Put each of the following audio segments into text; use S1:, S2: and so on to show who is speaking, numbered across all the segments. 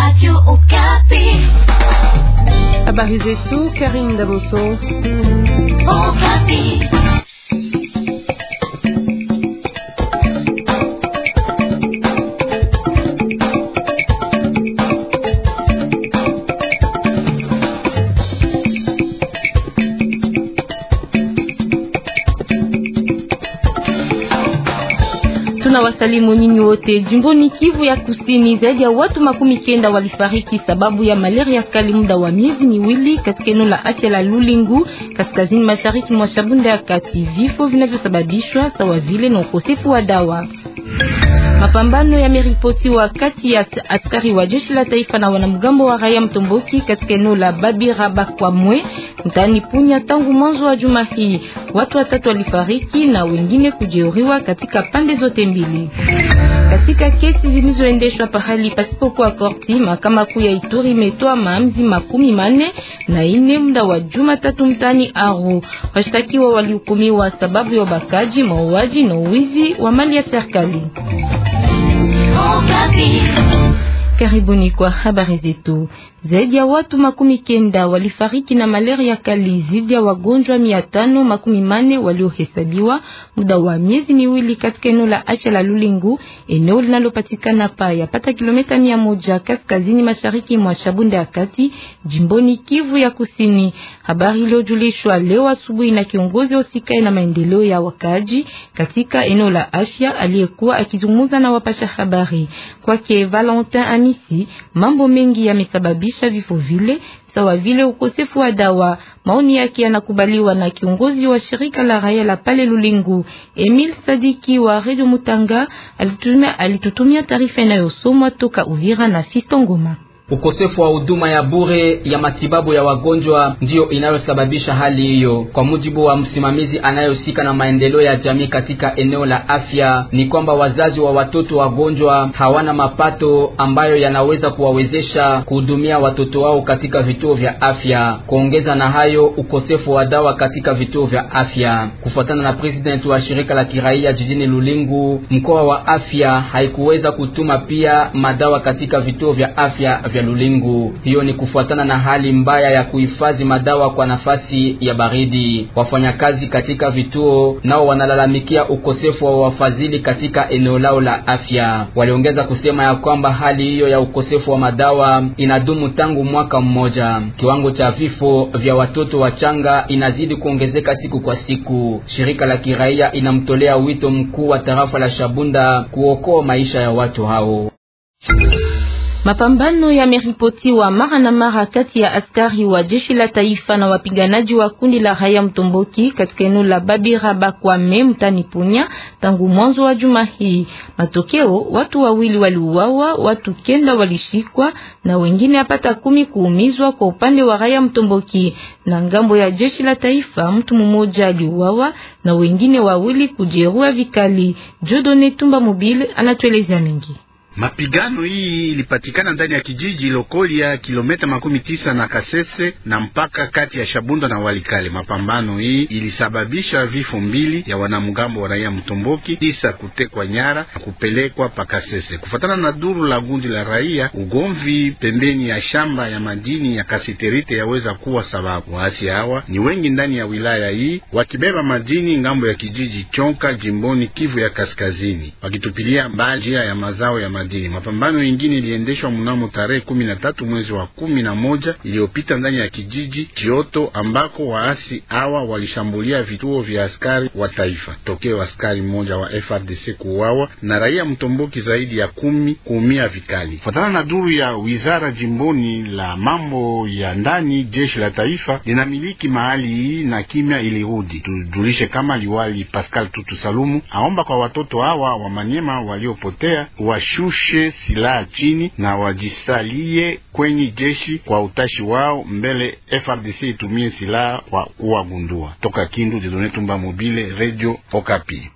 S1: Radio Okapi. Habari zetu Karim Damoso.
S2: Okapi.
S1: tunawasalimu nyinyi wote. Jimboni Kivu ya Kusini, zaidi ya watu makumi kenda walifariki sababu ya malaria kali muda wa miezi miwili katika eneo la afya la Lulingu, kaskazini mashariki mwa Shabunda ya Kati. Vifo vinavyosababishwa sawa vile na ukosefu wa dawa Mapambano yameripotiwa kati ya askari wa jeshi la taifa na wanamgambo wa raia mtomboki katika eneo la Babiraba kwa mwe mtaani Punya tangu mwanzo wa juma hii. Watu watatu walifariki na wengine kujeruhiwa katika pande zote mbili. Katika kesi zilizoendeshwa pahali pasipokuwa korti, mahakama kuu ya Ituri imetoa maamuzi makumi manne na ine muda wa juma tatu mtaani Aru. Washtakiwa walihukumiwa sababu ya ubakaji, mauaji na uwizi wa mali ya serikali. Karibuni kwa habari zetu. Zaidi ya watu makumi kenda walifariki na malaria kali, zidi ya wagonjwa mia tano makumi mane waliohesabiwa muda wa miezi miwili katika eneo la afya la Lulingu, eneo linalopatikana pa yapata kilomita mia moja kaskazini mashariki mwa Shabunda ya kati, jimboni Kivu ya Kusini habari iliyojulishwa leo asubuhi na kiongozi osikae na maendeleo ya wakaji katika eneo la afya aliyekuwa akizungumza na wapasha habari. Kwake Valentin Amisi, mambo mengi yamesababisha vifo vile sawa vile ukosefu wa dawa. Maoni yake yanakubaliwa na kiongozi wa shirika la raia la pale Lulingu, Emil Sadiki wa Radio Mutanga. Alitutumia, alitutumia taarifa inayosomwa toka Uvira na Fisto Ngoma.
S2: Ukosefu wa huduma ya bure ya matibabu ya wagonjwa ndiyo inayosababisha hali hiyo. Kwa mujibu wa msimamizi anayehusika na maendeleo ya jamii katika eneo la afya, ni kwamba wazazi wa watoto wagonjwa hawana mapato ambayo yanaweza kuwawezesha kuhudumia watoto wao katika vituo vya afya. Kuongeza na hayo, ukosefu wa dawa katika vituo vya afya. Kufuatana na president wa shirika la kiraia jijini Lulingu, mkoa wa afya haikuweza kutuma pia madawa katika vituo vya afya vya vya Lulingu. Hiyo ni kufuatana na hali mbaya ya kuhifadhi madawa kwa nafasi ya baridi. Wafanyakazi katika vituo nao wanalalamikia ukosefu wa wafadhili katika eneo lao la afya. Waliongeza kusema ya kwamba hali hiyo ya ukosefu wa madawa inadumu tangu mwaka mmoja. Kiwango cha vifo vya watoto wachanga inazidi kuongezeka siku kwa siku. Shirika la kiraia inamtolea wito mkuu wa tarafa la Shabunda kuokoa maisha ya watu hao.
S1: Mapambano yameripotiwa mara na mara kati ya askari wa jeshi la taifa na wapiganaji wa kundi la Raia Mtomboki katika eneo la Babira Bakwame mtani Punya tangu mwanzo wa juma hii. Matokeo, watu wawili waliuawa, watu kenda walishikwa na wengine apata kumi kuumizwa kwa upande wa Raia Mtomboki, na ngambo ya jeshi la taifa mtu mmoja aliuawa na wengine wawili kujeruhiwa vikali. Jodone Tumba Mobile anatueleza mengi.
S3: Mapigano hii ilipatikana ndani ya kijiji Lokolia, kilometa makumi tisa na Kasese na mpaka kati ya Shabunda na Walikale. Mapambano hii ilisababisha vifo mbili ya wanamgambo wa raia Mtomboki, tisa kutekwa nyara na kupelekwa pa Kasese. Kufatana na duru la gundi la raia, ugomvi pembeni ya shamba ya madini ya kasiterite yaweza kuwa sababu. Waasi hawa ni wengi ndani ya wilaya hii, wakibeba madini ngambo ya kijiji Chonka, jimboni Kivu ya Kaskazini, wakitupilia mbali njia ya mazao ya madini madini. Mapambano yengine iliendeshwa mnamo tarehe kumi na tatu mwezi wa kumi na moja iliyopita ndani ya kijiji Chioto ambako waasi hawa walishambulia vituo vya askari wa taifa. Tokeo askari mmoja wa FRDC kuuawa na raia mtomboki zaidi ya kumi kuumia vikali, Fuatana na duru ya wizara jimboni la mambo ya ndani. Jeshi la taifa linamiliki mahali hii na kimya ilirudi. Tujulishe kama liwali Pascal Tutu Salumu aomba kwa watoto hawa wa Manyema waliopotea washu washushe silaha chini na wajisalie kwenye jeshi kwa utashi wao, mbele FRDC itumie silaha kwa kuwagundua. Toka Kindu, Didone Tumba Mobile, Radio Okapi.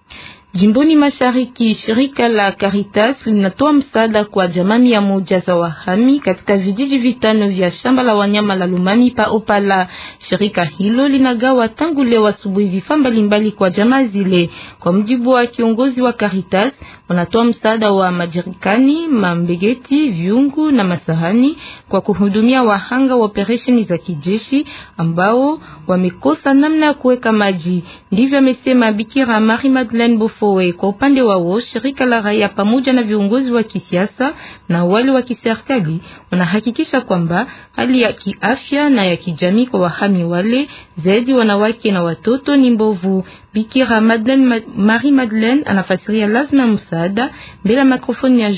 S1: Jimboni Mashariki, shirika la Caritas linatoa msaada kwa jamii ya moja za wahami katika vijiji vitano vya shamba la wanyama la Lumami pa Opala. Shirika hilo linagawa tangu leo asubuhi vifaa mbalimbali kwa jamaa zile. Kwa mjibu wa kiongozi wa Caritas, wanatoa msaada wa majerikani, mambegeti, viungu na masahani kwa kuhudumia wahanga wa operesheni za kijeshi ambao wamekosa namna ya kuweka maji. Ndivyo amesema Bikira Marie Madeleine Bofo Fowe. Kwa upande wao, shirika la raia pamoja na viongozi wa kisiasa na wale wa kiserikali wanahakikisha kwamba hali ya kiafya na ya kijamii kwa wahami wale, zaidi wanawake na watoto, ni mbovu. Bikira Madeleine, Marie Madeleine anafasiria lazima msaada mbele ya mikrofoni ya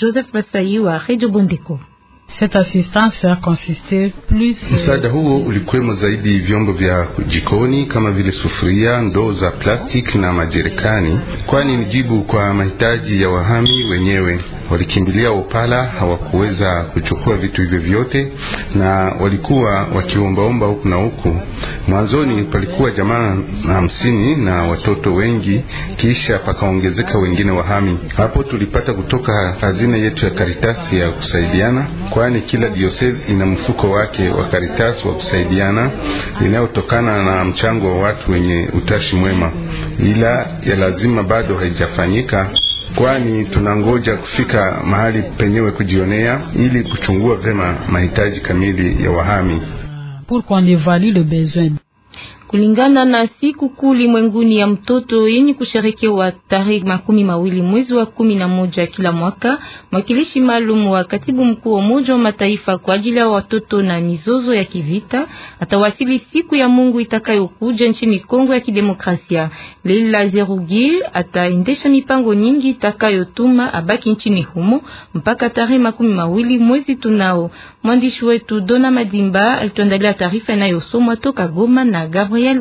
S1: Joseph Basayi wa Radio Bondeko.
S4: Euh,
S3: Msaada huo ulikwemo zaidi vyombo vya jikoni kama vile sufuria, ndoo za plastiki na majerikani, kwani ni jibu kwa mahitaji ya wahami wenyewe walikimbilia Upala, hawakuweza kuchukua vitu hivyo vyote, na walikuwa wakiombaomba huku na huku. Mwanzoni palikuwa jamaa hamsini na watoto wengi, kisha pakaongezeka wengine wahami. Hapo tulipata kutoka hazina yetu ya Karitasi ya kusaidiana, kwani kila diosezi ina mfuko wake wa Karitasi wa kusaidiana inayotokana na mchango wa watu wenye utashi mwema, ila ya lazima bado haijafanyika kwani tunangoja kufika mahali penyewe kujionea ili kuchungua vema mahitaji kamili ya wahami.
S2: Pour qu'on évalue le besoin
S1: kulingana na siku kuu ulimwenguni ya mtoto yenye kusherekewa tarehe makumi mawili mwezi wa kumi na moja kila mwaka, mwakilishi maalum wa katibu mkuu wa Umoja wa Mataifa kwa ajili ya watoto na mizozo ya kivita atawasili siku ya Mungu itakayokuja nchini Kongo ya Kidemokrasia. Leila Zerugi ataendesha mipango nyingi itakayotuma abaki nchini humo mpaka tarehe makumi mawili mwezi tunao. Mwandishi wetu Dona Madimba alituandalia taarifa inayosomwa toka Goma na Gabriel el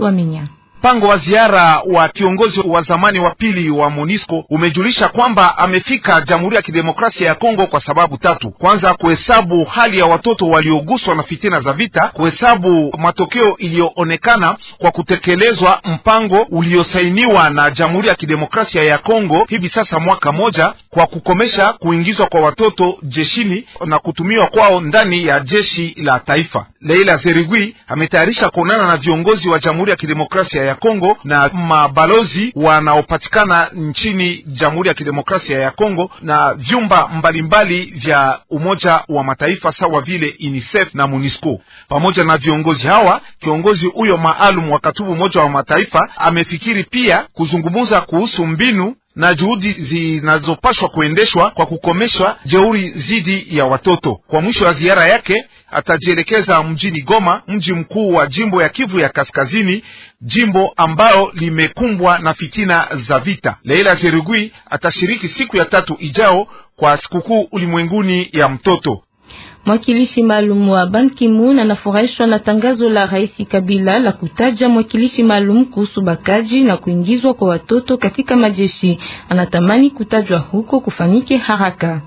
S5: Mpango wa ziara wa kiongozi wa zamani wa pili wa MONUSCO umejulisha kwamba amefika Jamhuri ya Kidemokrasia ya Kongo kwa sababu tatu: kwanza, kuhesabu hali ya watoto walioguswa na fitina za vita, kuhesabu matokeo iliyoonekana kwa kutekelezwa mpango uliosainiwa na Jamhuri ya Kidemokrasia ya Kongo hivi sasa mwaka moja, kwa kukomesha kuingizwa kwa watoto jeshini na kutumiwa kwao ndani ya jeshi la taifa. Leila Zerigui ametayarisha kuonana na viongozi wa Jamhuri ya Kidemokrasia ya Kongo na mabalozi wanaopatikana nchini Jamhuri ya Kidemokrasia ya Kongo na vyumba mbalimbali vya Umoja wa Mataifa sawa vile UNICEF na MONUSCO. Pamoja na viongozi hawa, kiongozi huyo maalum wa katibu Umoja wa Mataifa amefikiri pia kuzungumza kuhusu mbinu na juhudi zinazopashwa kuendeshwa kwa kukomeshwa jeuri dhidi ya watoto. Kwa mwisho wa ziara yake atajielekeza mjini Goma, mji mkuu wa jimbo ya Kivu ya Kaskazini, jimbo ambalo limekumbwa na fitina za vita. Leila Zerugui atashiriki siku ya tatu ijao kwa sikukuu ulimwenguni ya mtoto.
S1: Mwakilishi maalum wa Ban Ki-moon anafurahishwa na tangazo la Rais Kabila la kutaja mwakilishi maalum kuhusu bakaji na kuingizwa kwa watoto katika majeshi. Anatamani kutajwa huko kufanyike haraka.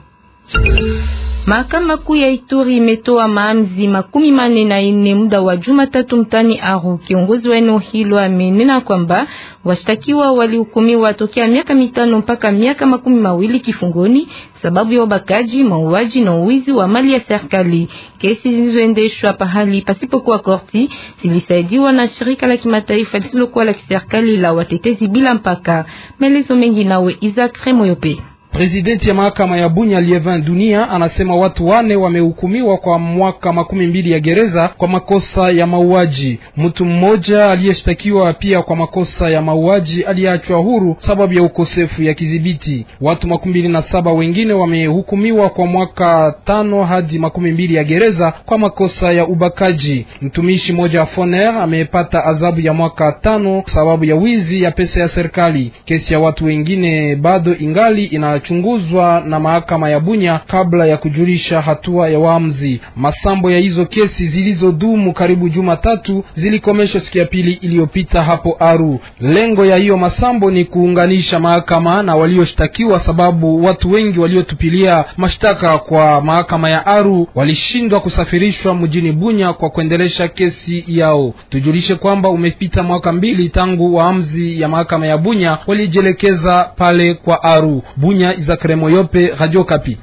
S1: Mahakama kuu ya Ituri imetoa maamuzi makumi manne na ine muda wa juma tatu mtani Aru. Kiongozi wa eneo hilo amenena kwamba washtakiwa walihukumiwa tokea miaka mitano mpaka miaka makumi mawili kifungoni sababu ya ubakaji, mauaji na uwizi wa mali ya serikali. Kesi zilizoendeshwa pahali pasipokuwa korti zilisaidiwa na shirika la kimataifa lisilokuwa la kiserikali la watetezi bila mpaka. Maelezo mengi
S4: nawe Isaac Remoyope presidenti ya mahakama ya Bunya Lievin Dunia anasema watu wane wamehukumiwa kwa mwaka makumi mbili ya gereza kwa makosa ya mauaji. Mtu mmoja aliyeshtakiwa pia kwa makosa ya mauaji aliyeachwa huru sababu ya ukosefu ya kidhibiti. Watu makumi mbili na saba wengine wamehukumiwa kwa mwaka tano hadi makumi mbili ya gereza kwa makosa ya ubakaji. Mtumishi mmoja wa Foner amepata adhabu ya mwaka tano sababu ya wizi ya pesa ya serikali. Kesi ya watu wengine bado ingali inaachwa yatachunguzwa na mahakama ya Bunya kabla ya kujulisha hatua ya waamuzi. Masambo ya hizo kesi zilizodumu karibu juma tatu zilikomeshwa siku ya pili iliyopita hapo Aru. Lengo ya hiyo masambo ni kuunganisha mahakama na walioshtakiwa, sababu watu wengi waliotupilia mashtaka kwa mahakama ya Aru walishindwa kusafirishwa mjini Bunya kwa kuendelesha kesi yao. Tujulishe kwamba umepita mwaka mbili tangu waamuzi ya mahakama ya Bunya walijielekeza pale kwa Aru. Bunya Jacques Remoyope, Radio Kapi.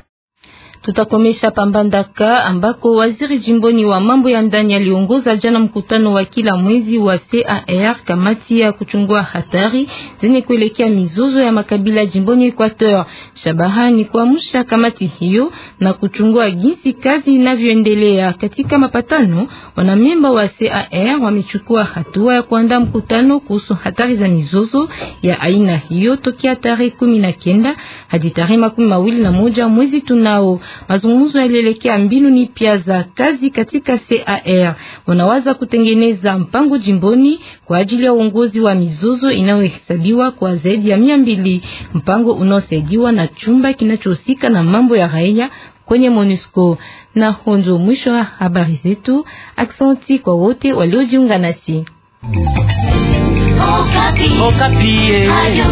S1: Tutakomesha pambandaka ambako waziri jimboni wa mambo ya ndani aliongoza jana mkutano wa kila mwezi wa CAR, kamati ya kuchungua hatari zenye kuelekea mizozo ya makabila jimboni Equateur. Shabaha ni kuamsha kamati hiyo na kuchungua jinsi kazi inavyoendelea. Katika mapatano, wanamemba wa CAR wamechukua hatua ya kuandaa mkutano kuhusu hatari za mizozo ya aina hiyo tokea tarehe kumi na kenda hadi tarehe makumi mawili na moja mwezi tunao mazungumzo yalielekea mbinu pia za kazi katika CAR. Wanawaza kutengeneza mpango jimboni kwa ajili ya uongozi wa mizozo inayohesabiwa kwa zaidi ya mia mbili, mpango unaosaidiwa na chumba kinachohusika na mambo ya raia kwenye MONUSCO. Na hondo mwisho wa habari zetu. Aksanti kwa wote waliojiunga nasi.
S4: Okapi. Okapi. Ayo,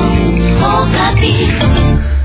S5: Okapi.